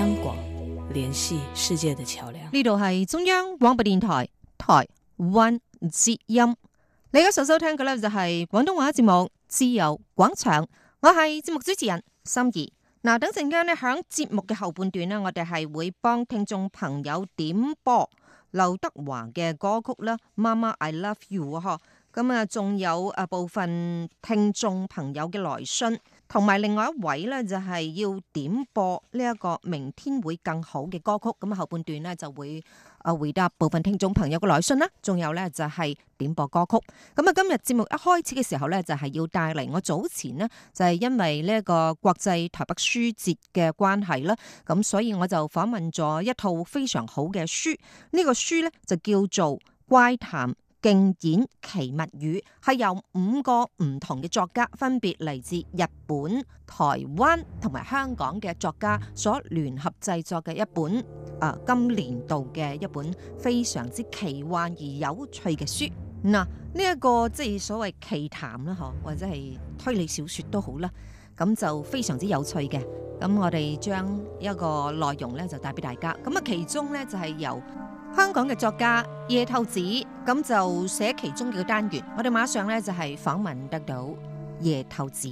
香港聯繫世界的橋樑。呢度係中央廣播電台台灣之音。你而家所收聽嘅咧就係廣東話節目《自由廣場》，我係節目主持人心怡。嗱，等陣間呢，響節目嘅後半段呢，我哋係會幫聽眾朋友點播劉德華嘅歌曲啦，《媽媽 I love you》嗬。咁啊，仲有啊，部分聽眾朋友嘅來信。同埋另外一位咧，就係要點播呢一個明天會更好嘅歌曲。咁啊，後半段咧就會誒回答部分聽眾朋友嘅來信啦。仲有咧就係點播歌曲。咁啊，今日節目一開始嘅時候咧，就係要帶嚟我早前呢，就係因為呢一個國際台北書節嘅關係啦。咁所以我就訪問咗一套非常好嘅書。呢、這個書咧就叫做《怪談》。《競演奇物語》係由五個唔同嘅作家，分別嚟自日本、台灣同埋香港嘅作家所聯合製作嘅一本，誒、呃，今年度嘅一本非常之奇幻而有趣嘅書。嗱，呢、這、一個即係所謂奇談啦，嗬，或者係推理小說都好啦，咁就非常之有趣嘅。咁我哋將一個內容呢就帶俾大家。咁啊，其中呢就係由香港嘅作家。夜透紫咁就寫其中幾個單元，我哋馬上呢就係訪問得到夜透紫。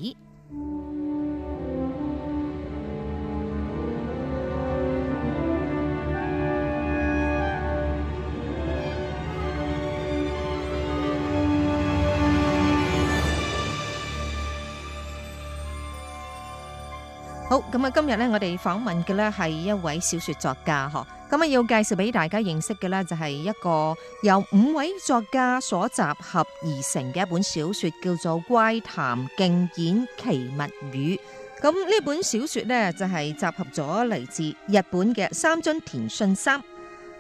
好，咁啊，今日呢我哋訪問嘅呢係一位小說作家嗬。咁啊，要介紹俾大家認識嘅呢就係、是、一個由五位作家所集合而成嘅一本小說，叫做《怪談競演奇物語》。咁呢本小說呢，就係集合咗嚟自日本嘅三津田信三，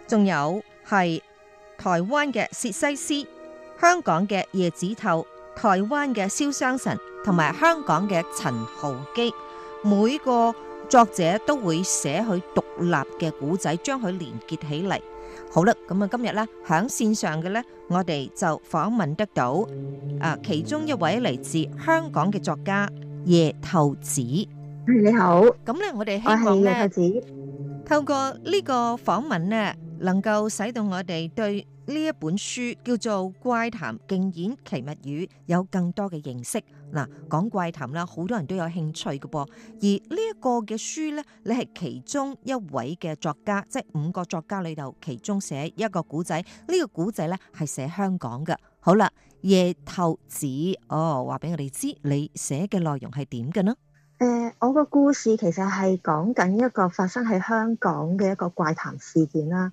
仲有係台灣嘅薛西斯、香港嘅夜透紫、台灣嘅瀟湘神，同埋香港嘅陳浩基，每個。作者都會寫佢獨立嘅古仔，將佢連結起嚟。好啦，咁啊，今日咧響線上嘅咧，我哋就訪問得到誒，其中一位嚟自香港嘅作家夜透紫。係，你好，咁咧我哋希望咧，透過呢個訪問咧，能夠使到我哋對。呢一本書叫做《怪談競演奇物語》，有更多嘅認識嗱，講怪談啦，好多人都有興趣嘅噃。而呢一個嘅書咧，你係其中一位嘅作家，即係五個作家裏度，其中寫一個古仔。呢個古仔咧係寫香港嘅。好啦，夜透紫，哦，話俾我哋知你，你寫嘅內容係點嘅呢？誒、呃，我個故事其實係講緊一個發生喺香港嘅一個怪談事件啦。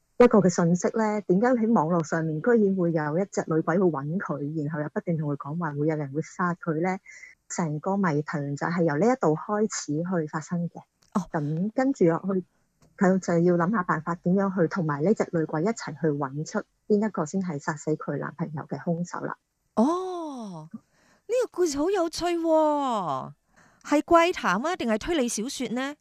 一個嘅信息咧，點解喺網絡上面居然會有一隻女鬼去揾佢，然後又不斷同佢講話，會有人會殺佢咧？成個謎題就係由呢一度開始去發生嘅。哦，咁、嗯、跟住落去，佢就要諗下辦法，點樣去同埋呢隻女鬼一齊去揾出邊一個先係殺死佢男朋友嘅兇手啦。哦，呢、這個故事好有趣、哦，係怪談啊，定係推理小說呢？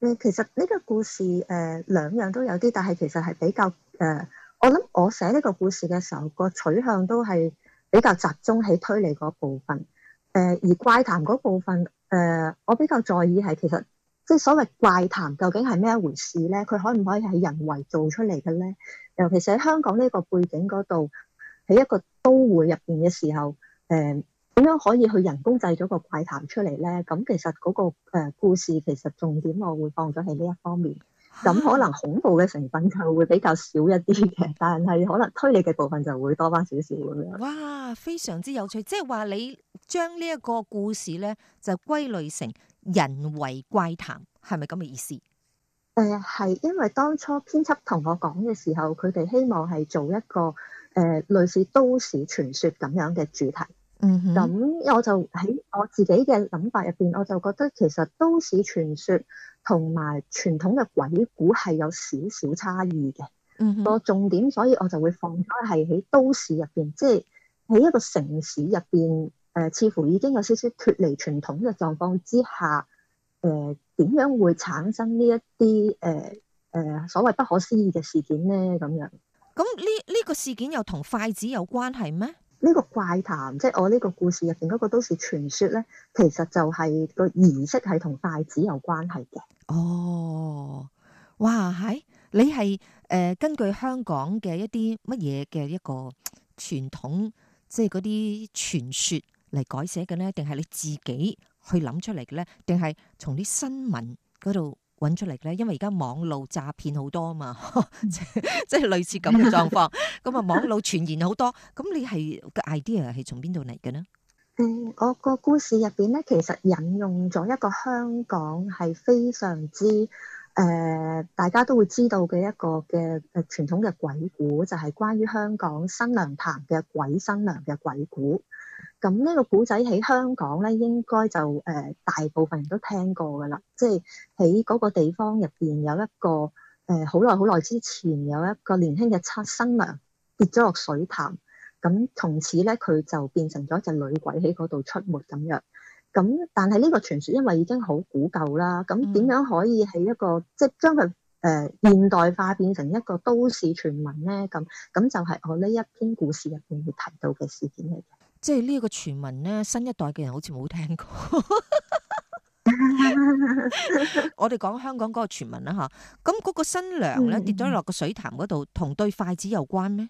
誒，其實呢個故事誒、呃，兩樣都有啲，但係其實係比較誒、呃，我諗我寫呢個故事嘅時候，個取向都係比較集中喺推理嗰部分。誒、呃，而怪談嗰部分，誒、呃，我比較在意係其實即係所謂怪談究竟係咩一回事咧？佢可唔可以係人為做出嚟嘅咧？尤其是喺香港呢個背景嗰度，喺一個都會入邊嘅時候，誒、呃。點樣可以去人工製咗個怪談出嚟呢？咁其實嗰個故事其實重點，我會放咗喺呢一方面。咁可能恐怖嘅成分就會比較少一啲嘅，啊、但係可能推理嘅部分就會多返少少咁樣。哇！非常之有趣，即係話你將呢一個故事呢就歸類成人為怪談，係咪咁嘅意思？誒係、呃，因為當初編輯同我講嘅時候，佢哋希望係做一個誒、呃、類似都市傳說咁樣嘅主題。咁、嗯、我就喺我自己嘅諗法入邊，我就覺得其實都市傳說同埋傳統嘅鬼故係有少少差異嘅、嗯、哼個重點，所以我就會放咗係喺都市入邊，即係喺一個城市入邊，誒、呃，似乎已經有少少脫離傳統嘅狀況之下，誒、呃，點樣會產生呢一啲誒誒所謂不可思議嘅事件咧？咁樣，咁呢呢個事件又同筷子有關係咩？呢個怪談，即係我呢個故事入邊嗰個都市傳說咧，其實就係、係呢個儀式係同筷子有關係嘅。哦，哇，係你係誒、呃、根據香港嘅一啲乜嘢嘅一個傳統，即係嗰啲傳說嚟改寫嘅咧，定係你自己去諗出嚟嘅咧，定係從啲新聞嗰度？揾出嚟咧，因為而家網路詐騙好多嘛， 即即係類似咁嘅狀況。咁啊，網路傳言好多，咁你係個 idea 係從邊度嚟嘅呢？誒、嗯，我個故事入邊咧，其實引用咗一個香港係非常之誒、呃，大家都會知道嘅一個嘅誒傳統嘅鬼故，就係、是、關於香港新娘潭嘅鬼新娘嘅鬼故。咁呢個古仔喺香港咧，應該就誒、呃、大部分人都聽過㗎啦。即係喺嗰個地方入邊有一個誒，好耐好耐之前有一個年輕嘅七新娘跌咗落水潭，咁、嗯、從此咧佢就變成咗一隻女鬼喺嗰度出沒咁樣。咁、嗯、但係呢個傳說因為已經好古舊啦，咁、嗯、點樣可以喺一個即係將佢誒現代化變成一個都市傳聞咧？咁咁就係我呢一篇故事入邊會提到嘅事件嚟嘅。即係呢個傳聞咧，新一代嘅人好似冇聽過。我哋講香港嗰個傳聞啦嚇，咁嗰個新娘咧跌咗落個水潭嗰度，同對筷子有關咩？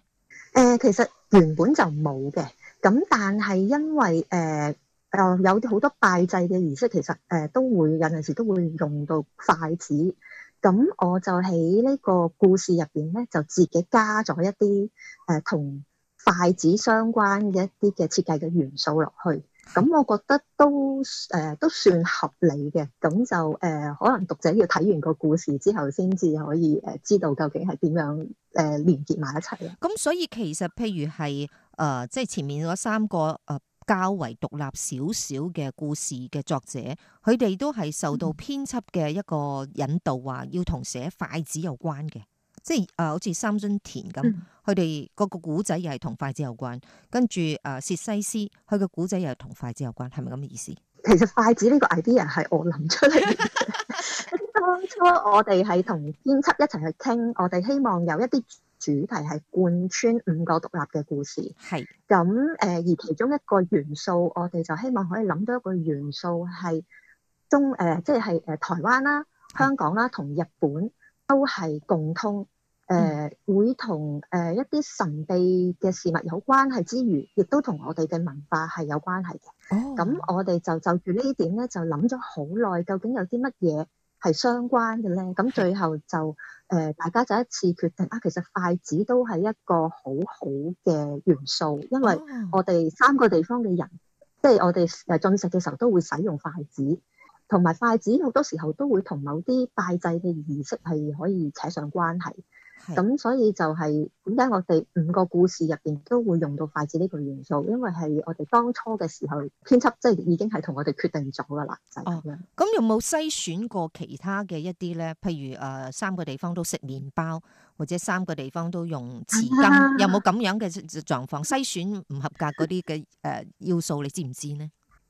誒，其實原本就冇嘅，咁但係因為誒誒有好多拜祭嘅儀式，其實誒都會有陣時都會用到筷子。咁我就喺呢個故事入邊咧，就自己加咗一啲誒同筷子相關嘅一啲嘅設計嘅元素落去，咁我覺得都誒都算合理嘅，咁就誒可能讀者要睇完個故事之後，先至可以誒知道究竟係點樣誒連結埋一齊嘅。咁所以其實譬如係誒即係前面嗰三個誒較為獨立少少嘅故事嘅作者，佢哋都係受到編輯嘅一個引導，話要同寫筷子有關嘅。即係誒，好、呃、似三津田咁，佢哋、嗯、個個古仔又係同筷子有關。跟住誒，薛、啊、西斯佢個古仔又係同筷子有關，係咪咁嘅意思？其實筷子呢個 idea 係我諗出嚟嘅。當初我哋係同編輯一齊去傾，我哋希望有一啲主題係貫穿五個獨立嘅故事。係咁誒，而其中一個元素，我哋就希望可以諗到一個元素係中誒、呃，即係誒台灣啦、香港啦同日本都係共通。誒、呃、會同誒、呃、一啲神秘嘅事物有關係之餘，亦都同我哋嘅文化係有關係嘅。哦，咁我哋就就住呢點呢，就諗咗好耐，究竟有啲乜嘢係相關嘅呢？咁最後就誒、呃，大家就一致決定啊。其實筷子都係一個好好嘅元素，因為我哋三個地方嘅人，oh. 即係我哋誒進食嘅時候都會使用筷子，同埋筷子好多時候都會同某啲拜祭嘅儀式係可以扯上關係。咁所以就係，點解我哋五個故事入邊都會用到筷子呢個元素？因為係我哋當初嘅時候編輯，即係已經係同我哋決定咗噶啦。就是、哦，咁有冇篩選過其他嘅一啲咧？譬如誒、呃，三個地方都食麵包，或者三個地方都用匙羹，啊、有冇咁樣嘅狀況？篩選唔合格嗰啲嘅誒要素，你知唔知呢？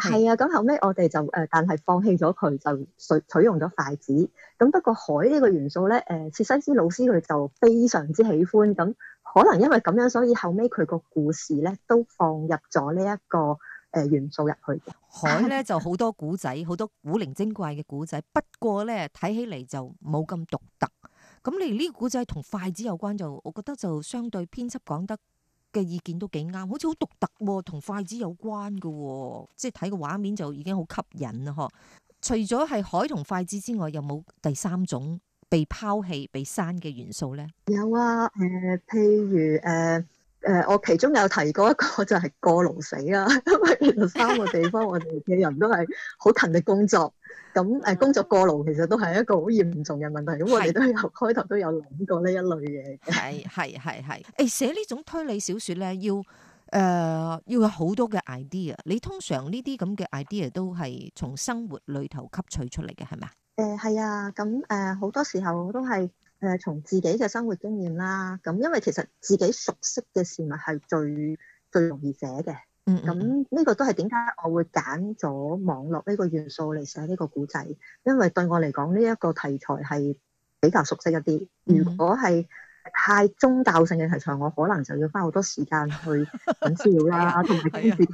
係啊，咁後尾我哋就誒，但係放棄咗佢，就取用咗筷子。咁不過海呢個元素咧，誒薛西斯老師佢就非常之喜歡。咁可能因為咁樣，所以後尾佢個故事咧都放入咗呢一個誒元素入去嘅。海咧就好多古仔，好多古靈精怪嘅古仔。不過咧睇起嚟就冇咁獨特。咁你呢個古仔同筷子有關就，就我覺得就相對編輯講得嘅意見都幾啱，好似好獨特喎，哦，同筷子有關嘅，哦，即係睇個畫面就已經好吸引啦。嗬，除咗係海同筷子之外，有冇第三種被拋棄被刪嘅元素咧？有啊，誒、呃，譬如誒。呃誒，我其中有提過一個就係、是、過勞死啊，因為三個地方 我哋嘅人都係好勤力工作，咁誒工作過勞其實都係一個好嚴重嘅問題，咁是我哋都有開頭都有諗過呢一類嘢嘅，係係係係。誒，寫呢、欸、種推理小說咧，要誒、呃、要有好多嘅 idea，你通常呢啲咁嘅 idea 都係從生活裏頭吸取出嚟嘅，係咪？誒係、呃、啊，咁誒好多時候都係。誒，從自己嘅生活經驗啦，咁因為其實自己熟悉嘅事物係最最容易寫嘅。嗯、mm，咁、hmm. 呢個都係點解我會揀咗網絡呢個元素嚟寫呢個故仔。因為對我嚟講，呢、這、一個題材係比較熟悉一啲。Mm hmm. 如果係太宗教性嘅題材，我可能就要花好多時間去揾資料啦，同埋編節。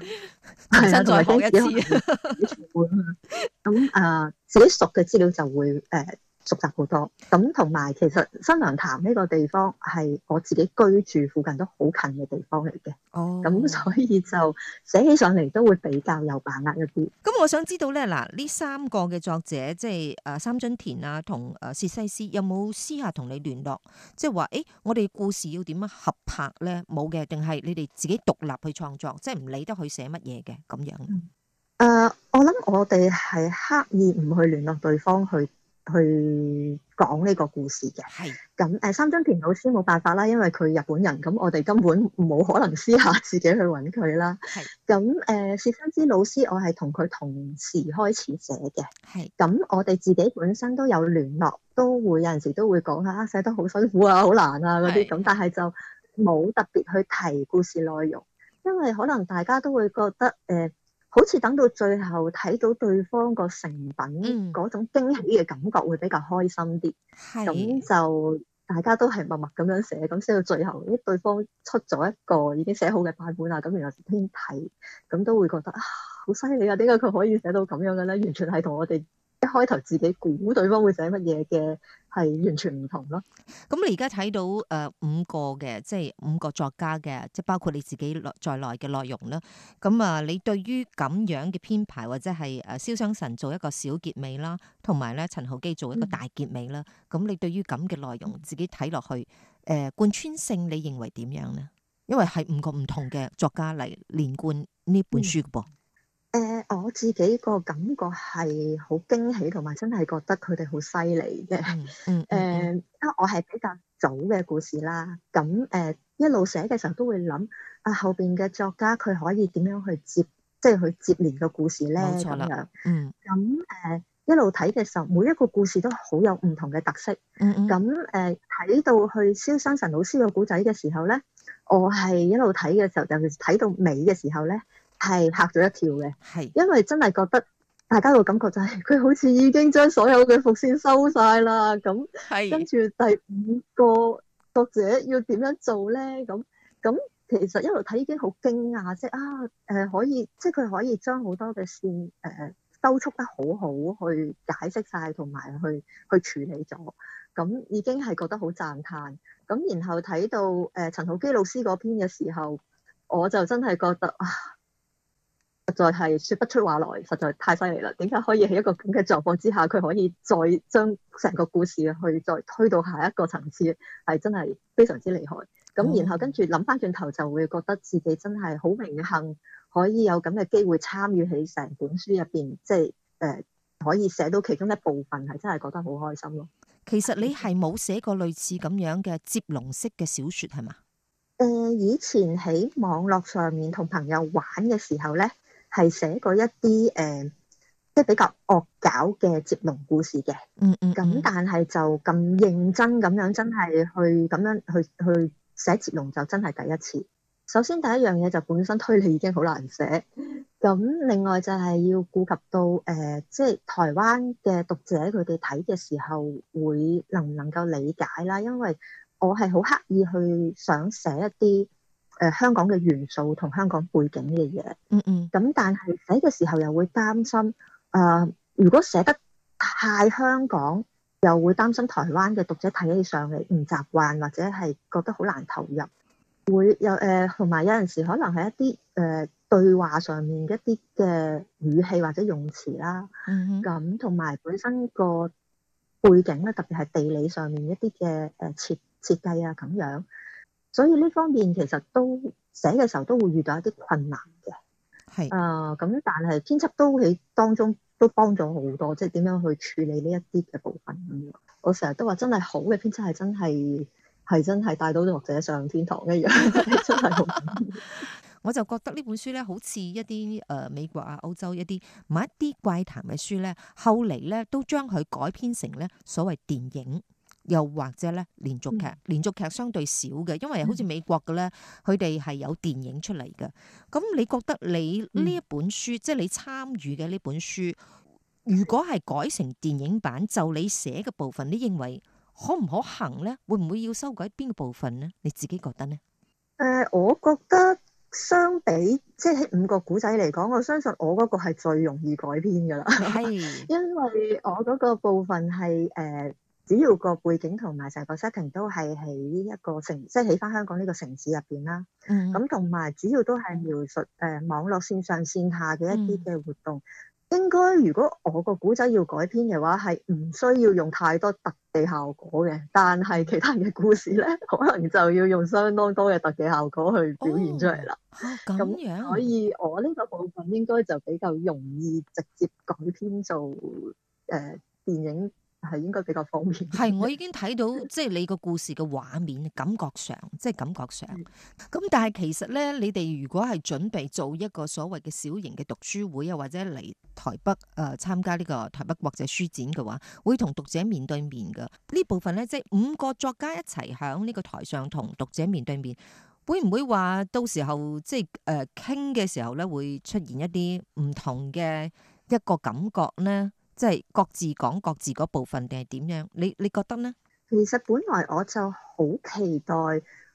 係啊，同埋編節啊，好重本啊。咁啊，自己熟嘅資料就會誒。呃熟習好多，咁同埋其實新娘潭呢個地方係我自己居住附近都好近嘅地方嚟嘅，哦，咁所以就寫起上嚟都會比較有把握一啲。咁、嗯、我想知道咧，嗱呢三個嘅作者即係誒、啊、三津田啊同誒薛西斯有冇私下同你聯絡，即係話誒我哋故事要點樣合拍咧？冇嘅，定係你哋自己獨立去創作，即係唔理得佢寫乜嘢嘅咁樣？誒、嗯，我諗我哋係刻意唔去聯絡對方去。去講呢個故事嘅，係咁誒。三津田老師冇辦法啦，因為佢日本人，咁我哋根本冇可能私下自己去揾佢啦。係咁誒，薛西、呃、斯老師，我係同佢同時開始寫嘅，係咁的我哋自己本身都有聯絡，都會有陣時都會講下、啊、寫得好辛苦啊、好難啊嗰啲咁，但係就冇特別去提故事內容，因為可能大家都會覺得誒。呃好似等到最後睇到對方個成品嗰，嗯、種驚喜嘅感覺會比較開心啲，咁的就大家都係默默咁樣寫，咁寫到最後，咦，對方出咗一個已經寫好嘅版本啊，咁然後先睇，咁都會覺得啊好犀利啊，點解佢可以寫到咁樣嘅咧？完全係同我哋一開頭自己估對方會寫乜嘢嘅。係完全唔同咯。咁你而家睇到誒五個嘅，即係五個作家嘅，即係包括你自己在內嘅內容啦。咁啊，你對於咁樣嘅編排或者係誒瀟湘神做一個小結尾啦，同埋咧陳浩基做一個大結尾啦。咁、嗯、你對於咁嘅內容自己睇落去誒，呃、貫穿性你認為點樣呢？因為係五個唔同嘅作家嚟連貫呢本書嘅噃。嗯我自己個感覺係好驚喜，同埋真係覺得佢哋好犀利嘅。誒、嗯，嗯、因為我係比較早嘅故事啦，咁誒一路寫嘅時候都會諗啊，後邊嘅作家佢可以點樣去接，即係去接連個故事咧咁樣。嗯，咁誒一路睇嘅時候，每一個故事都好有唔同嘅特色。咁誒睇到去瀟湘神老師嘅故仔嘅時候咧，我係一路睇嘅時候尤其睇到尾嘅時候咧，係嚇咗一跳嘅，係是因為真係覺得大家個感覺就係、是、佢好似已經將所有嘅伏線收晒啦，咁，係是跟住第五個作者要點樣做咧？咁咁其實一路睇已經好驚訝，即係啊，誒、呃、可以，即係佢可以將好多嘅線誒收束得好好，去解釋晒同埋去去處理咗，咁已經係覺得好讚嘆。咁然後睇到誒陳、呃、浩基老師嗰篇嘅時候，我就真係覺得啊！實在係說不出話來，實在太犀利啦！點解可以喺一個咁嘅狀況之下，佢可以再將成個故事去再推到下一個層次，係真係非常之厲害。咁、嗯、然後跟住諗翻轉頭，就會覺得自己真係好榮幸可以有咁嘅機會參與喺成本書入邊，即係誒可以寫到其中一部分，係真係覺得好開心咯。其實你係冇寫過類似咁樣嘅接龍式嘅小說係嘛？誒、呃，以前喺網絡上面同朋友玩嘅時候咧。係寫過一啲誒、呃，即係比較惡搞嘅接龍故事嘅，咁、嗯嗯嗯、但係就咁認真咁樣，真係去咁樣去去寫接龍就真係第一次。首先第一樣嘢就本身推理已經好難寫，咁另外就係要顧及到誒、呃，即係台灣嘅讀者佢哋睇嘅時候會能唔能夠理解啦，因為我係好刻意去想寫一啲，誒、呃、香港嘅元素同香港背景嘅嘢，嗯嗯、mm，咁、hmm. 但係寫嘅時候又會擔心，誒、呃、如果寫得太香港，又會擔心台灣嘅讀者睇起上嚟唔習慣，或者係覺得好難投入，會有誒同埋有陣時可能係一啲誒、呃、對話上面一啲嘅語氣或者用詞啦，咁同埋本身個背景咧，特別係地理上面一啲嘅誒設設計啊，咁樣。所以呢方面其實都寫嘅時候都會遇到一啲困難嘅，係啊，咁，但係編輯都喺當中都幫咗好多，即係點樣去處理呢一啲嘅部分咁樣。我成日都話真係好嘅編輯係真係係真係帶到啲作者上天堂一樣，真係好。我就覺得呢本書咧，好似一啲誒、呃、美國啊、歐洲一啲唔某一啲怪談嘅書咧，後嚟咧都將佢改編成咧所謂電影。又或者咧，連續劇，連續劇相對少嘅，因為好似美國嘅咧，佢哋係有電影出嚟嘅。咁你覺得你呢一本書，嗯、即係你參與嘅呢本書，如果係改成電影版，就你寫嘅部分，你認為可唔可行咧？會唔會要修改邊個部分咧？你自己覺得咧？誒、呃，我覺得相比即係喺五個古仔嚟講，我相信我嗰個係最容易改編嘅啦。係， 因為我嗰個部分係誒。呃主要個背景同埋成個 setting 都係喺呢一個城，即係喺翻香港呢個城市入邊啦。咁同埋主要都係描述誒網絡線上線下嘅一啲嘅活動。應該如果我個古仔要改編嘅話，係唔需要用太多特技效果嘅。但係其他嘅故事咧，可能就要用相當多嘅特技效果去表現出嚟啦。哦，咁樣。所以我呢個部分應該就比較容易直接改編做誒電影。係應該比較方便。係， 我已經睇到即係、就是、你個故事嘅畫面，感覺上，即、就、係、是、感覺上。咁 但係其實咧，你哋如果係準備做一個所謂嘅小型嘅讀書會啊，或者嚟台北誒、呃、參加呢個台北國際書展嘅話，會同讀者面對面嘅呢部分咧，即、就、係、是、五個作家一齊響呢個台上同讀者面對面，會唔會話到時候即係誒傾嘅時候咧，會出現一啲唔同嘅一個感覺呢？即係各自講各自嗰部分，定係點樣？你你覺得呢？其實本來我就好期待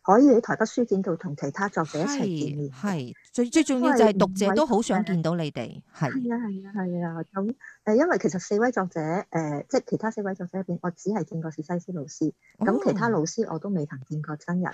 可以喺台北書展度同其他作者一齊見面。係最最重要就係讀者都好想見到你哋。係係啊係啊係啊，咁誒，因為其實四位作者誒、呃，即係其他四位作者入邊，我只係見過薛西斯老師，咁、哦、其他老師我都未曾見過真人。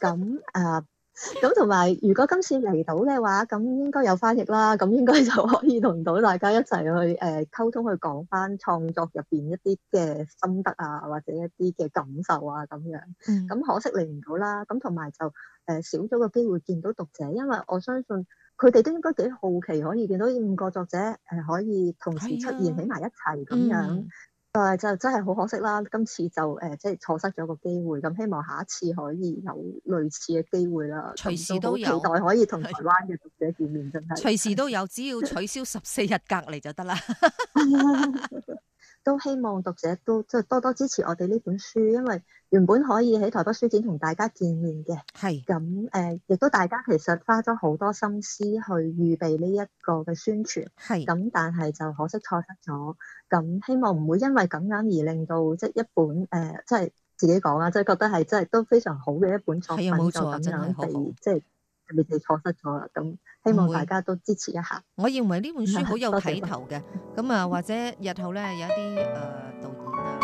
咁誒、 嗯。呃咁同埋，如果今次嚟到嘅話，咁應該有翻譯啦，咁應該就可以同到大家一齊去誒溝、呃、通，去講翻創作入邊一啲嘅心得啊，或者一啲嘅感受啊咁樣。咁、嗯、可惜嚟唔到啦。咁同埋就誒、呃、少咗個機會見到讀者，因為我相信佢哋都應該幾好奇可以見到呢五個作者誒、呃、可以同時出現喺埋、啊、一齊咁樣。嗯哎、就係就真係好可惜啦，今次就誒、呃、即係錯失咗個機會，咁、嗯、希望下一次可以有類似嘅機會啦。隨時都有，都期待可以台灣同台灣嘅讀者見面，真係。隨時都有，是 只要取消十四日隔離就得啦。 都希望讀者都即係多多支持我哋呢本書，因為原本可以喺台北書展同大家見面嘅。係是。咁誒、呃，亦都大家其實花咗好多心思去預備呢一個嘅宣傳。係是。咁但係就可惜錯失咗。咁希望唔會因為咁樣而令到即係一本誒、呃，即係自己講啊，即係覺得係真係都非常好嘅一本作品，就咁樣被即係。你哋錯失咗啦，咁希望大家都支持一下。會我認為呢本書好有睇頭嘅，咁啊 或者日後咧有一啲誒、呃、導引啊。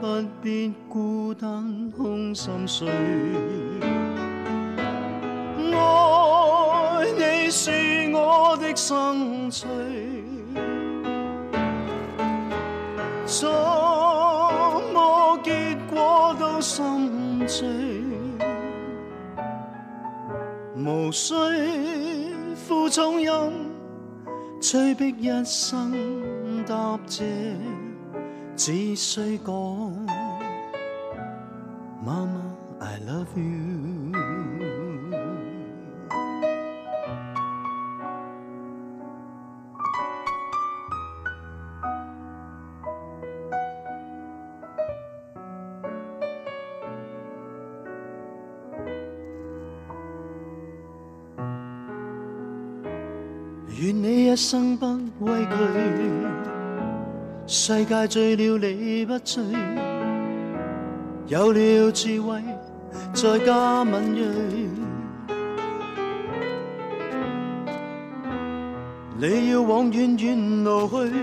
不必孤單空心碎，愛你是我的生趣，怎麼結果都心醉，無需負重任，催逼一生答謝。只需講，媽媽，I love you。願你一生不畏懼。世界醉了你不醉，有了智慧，再加敏銳。你要往遠遠路去，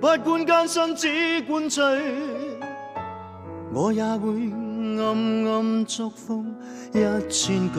不管艱辛只管追，我也會暗暗祝福一千句。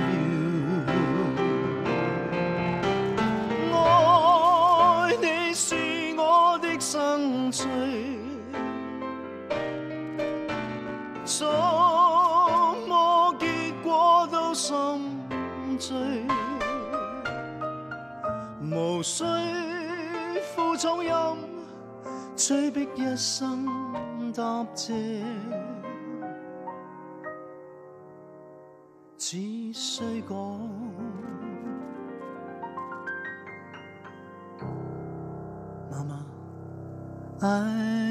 追，無需負重擔，追逼一生答謝，只需講，媽媽愛。I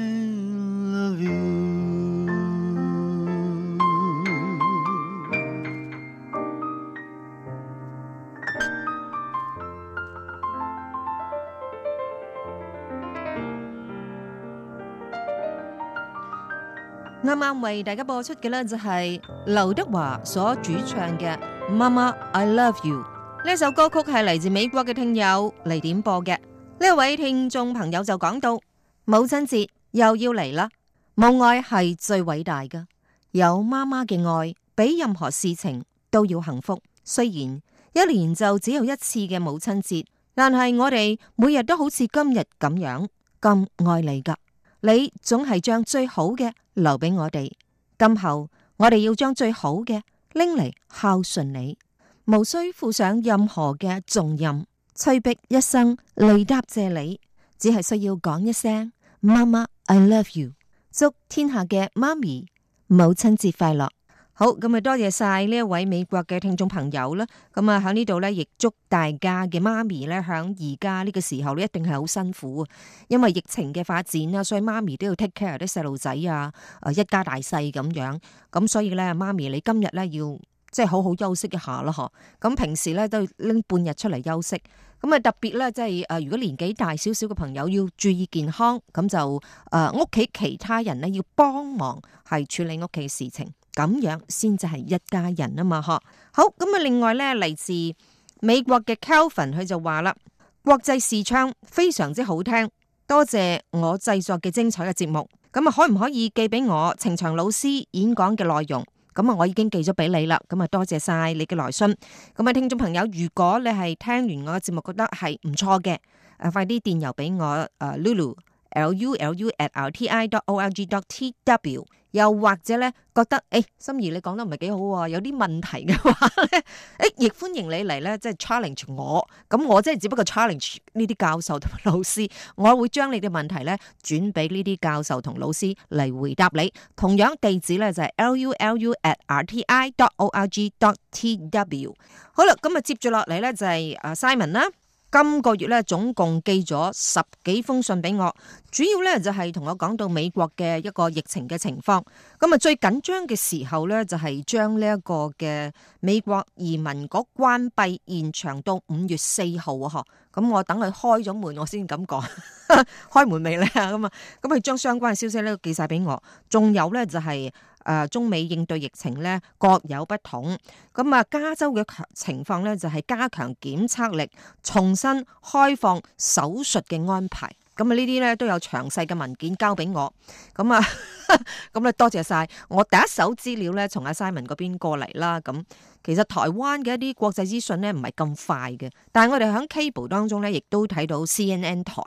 今晚為大家播出嘅呢就係劉德華所主唱嘅《媽媽，I Love You》呢一首歌曲係嚟自美國嘅聽友嚟點播嘅。呢一位聽眾朋友就講到：母親節又要嚟啦，母愛係最偉大㗎，有媽媽嘅愛，比任何事情都要幸福。雖然一年就只有一次嘅母親節，但係我哋每日都好似今日咁樣咁愛你噶。你總係將最好嘅留俾我哋，今後我哋要將最好嘅拎嚟孝順你，無需負上任何嘅重任，催逼一生嚟答謝你，只係需要講一聲媽媽，I love you，祝天下嘅媽咪母親節快樂。好咁啊！多謝晒呢一位美國嘅聽眾朋友啦。咁啊，喺呢度咧，亦祝大家嘅媽咪咧，響而家呢個時候咧，一定係好辛苦啊。因為疫情嘅發展啊，所以媽咪都要 take care 啲細路仔啊，誒，一家大細咁樣咁，所以咧，媽咪你今日咧要即係好好休息一下咯。嗬，咁平時咧都要拎半日出嚟休息。咁啊，特別咧即係誒、呃，如果年紀大少少嘅朋友要注意健康，咁就誒屋企其他人咧要幫忙係處理屋企嘅事情。咁樣先至係一家人啊嘛！嗬，好咁啊！另外咧，嚟自美國嘅 Calvin，佢就話啦：國際視窗非常之好聽，多謝我製作嘅精彩嘅節目。咁啊，可唔可以寄俾我？程翔老師演講嘅內容，咁啊，我已經寄咗俾你啦。咁啊，多謝晒你嘅來信。咁啊，聽眾朋友，如果你係聽完我嘅節目覺得係唔錯嘅，啊，快啲電郵俾我。啊，Lulu，L.U.L.U. at R.T.I. dot org dot T.W. 又或者咧，覺得誒、欸，心怡你講得唔係幾好啊，有啲問題嘅話咧，誒、欸，亦歡迎你嚟咧，即係 challenge 我，咁我即係只不過 challenge 呢啲教授同埋老師，我會將你嘅問題咧轉俾呢啲教授同老師嚟回答你。同樣地址咧就係 lulu@rti.org.tw。好啦，咁啊，接住落嚟咧就係阿 Simon 啦。今個月咧，總共寄咗十幾封信俾我，主要咧就係同我講到美國嘅一個疫情嘅情況。咁啊，最緊張嘅時候咧，就係將呢一個嘅美國移民局關閉延長到五月四號啊！嗬，咁我等佢開咗門我，我先敢講開門未咧咁啊，咁佢將相關嘅消息咧寄晒俾我，仲有咧就係、是。誒，中美應對疫情咧各有不同，咁啊，加州嘅情況咧就係加強檢測力，重新開放手術嘅安排。咁啊，呢啲咧都有詳細嘅文件交俾我。咁啊，咁咧多謝晒，我第一手資料咧從阿 Simon 嗰邊過嚟啦。咁其實台灣嘅一啲國際資訊咧唔係咁快嘅，但係我哋喺 Cable 當中咧亦都睇到 CNN 台。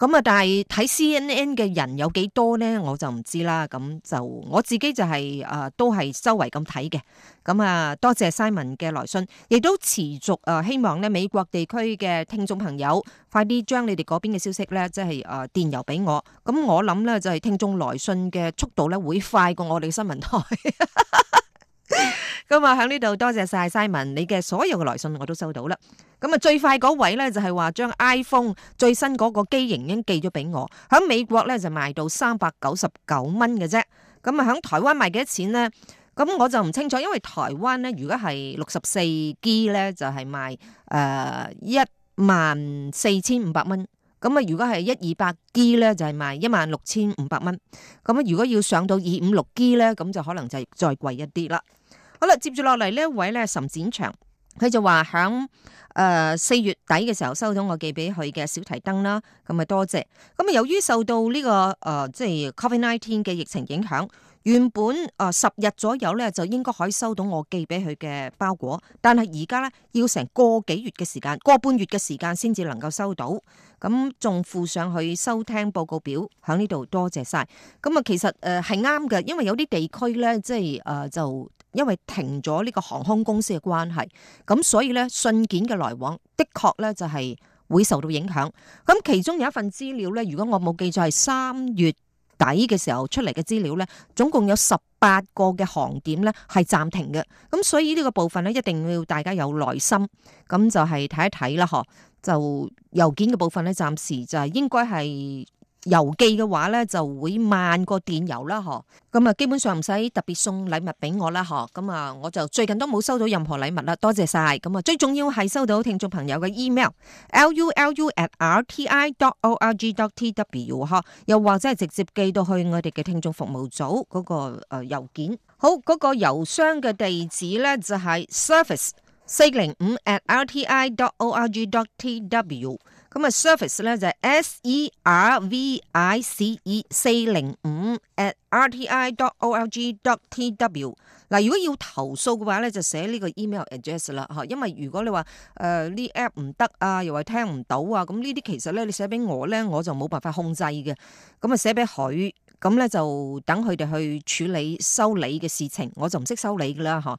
咁啊！但係睇 CNN 嘅人有幾多呢，我就唔知啦。咁就我自己就係啊，都係周圍咁睇嘅。咁啊，多謝 Simon 嘅來信，亦都持續啊，希望咧美國地區嘅聽眾朋友快啲將你哋嗰邊嘅消息咧，即係啊電郵俾我。咁我諗咧就係聽眾來信嘅速度咧會快過我哋嘅新聞台。咁啊，喺呢度多謝晒 Simon，你嘅所有嘅來信我都收到啦。咁啊，最快嗰位咧就係話將 iPhone 最新嗰個機型已經寄咗俾我。喺美國咧就賣到三百九十九蚊嘅啫。咁啊，喺台灣賣幾多錢咧？咁我就唔清楚，因為台灣咧如果係六十四 G 咧就係賣誒一萬四千五百蚊。咁啊，如果係一二百 G 咧就係賣一萬六千五百蚊。咁啊，如果要上到二五六 G 咧，咁就可能就再貴一啲啦。好啦，接住落嚟呢一位咧，岑展祥，佢就話響誒四月底嘅時候收到我寄俾佢嘅小提燈啦，咁咪多謝。咁啊，由於受到呢、這個誒、呃、即係 Covid nineteen 嘅疫情影響，原本誒十、呃、日左右咧就應該可以收到我寄俾佢嘅包裹，但係而家咧要成個幾月嘅時間，個半月嘅時間先至能夠收到。咁仲附上去收聽報告表喺呢度，多謝晒。咁啊，其實誒係啱嘅，因為有啲地區咧即係誒、呃、就。因為停咗呢個航空公司嘅關係，咁所以咧信件嘅來往的確咧就係會受到影響。咁其中有一份資料咧，如果我冇記錯係三月底嘅時候出嚟嘅資料咧，總共有十八個嘅航點咧係暫停嘅。咁所以呢個部分咧一定要大家有耐心，咁就係睇一睇啦。嗬，就郵件嘅部分咧，暫時就係應該係。郵寄嘅話咧，就會慢過電郵啦，嗬。咁啊，基本上唔使特別送禮物俾我啦，嗬。咁啊，我就最近都冇收到任何禮物啦，多謝晒。咁啊，最重要係收到聽眾朋友嘅 email，lulu at rti dot org dot tw 又或者係直接寄到去我哋嘅聽眾服務組嗰個誒郵件。好，嗰、那個郵箱嘅地址咧就係 service 四零五 at rti dot org dot tw。咁啊 service 咧就係 s e r v i c e 四零五 at r t i dot o l g dot t w 嗱，如果要投訴嘅話咧，就寫呢個 email address 啦吓，因為如果你話誒呢 app 唔得啊，又話聽唔到啊，咁呢啲其實咧你寫俾我咧，我就冇辦法控制嘅，咁啊寫俾佢。咁咧就等佢哋去處理修理嘅事情，我就唔識修理噶啦吓。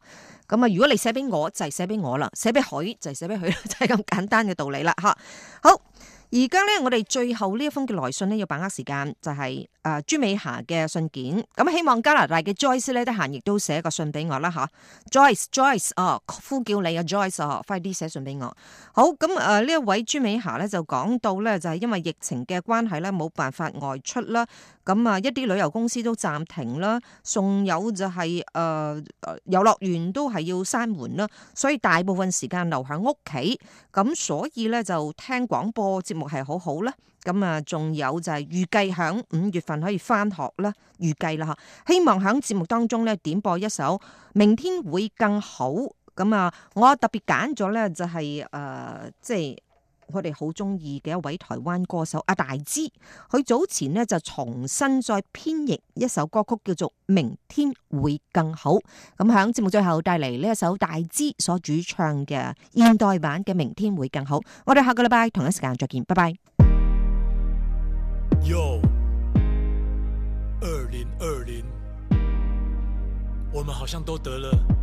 咁啊，如果你寫俾我，就係寫俾我啦；寫俾佢，就係寫俾佢啦，就係咁簡單嘅道理啦。吓，好。而家咧，我哋最後呢一封嘅來信呢，要把握時間就係、是、誒、呃、朱美霞嘅信件。咁希望加拿大嘅 Joyce 咧得閒亦都寫個信俾我啦吓。Joyce，Joyce，啊呼，呼叫你啊 Joyce，啊快啲寫信俾我。好，咁誒呢一位朱美霞咧就講到咧就係、是、因為疫情嘅關係咧冇辦法外出啦，咁啊一啲旅遊公司都暫停啦，仲有就係誒遊樂園都係要閂門啦，所以大部分時間留喺屋企，咁所以咧就聽廣播節目。係好好啦，咁啊，仲有就係預計響五月份可以返學啦，預計啦吓，希望響節目當中咧點播一首《明天會更好》，咁啊，我特別揀咗咧就係、是、誒、呃，即係。我哋好中意嘅一位台灣歌手阿大支，佢早前呢就重新再編譯一首歌曲，叫做《明天會更好》。咁響節目最後帶嚟呢一首大支所主唱嘅現代版嘅《明天會更好》。我哋下個禮拜同一時間再見，拜拜。Yo，2020，我們好像都得了。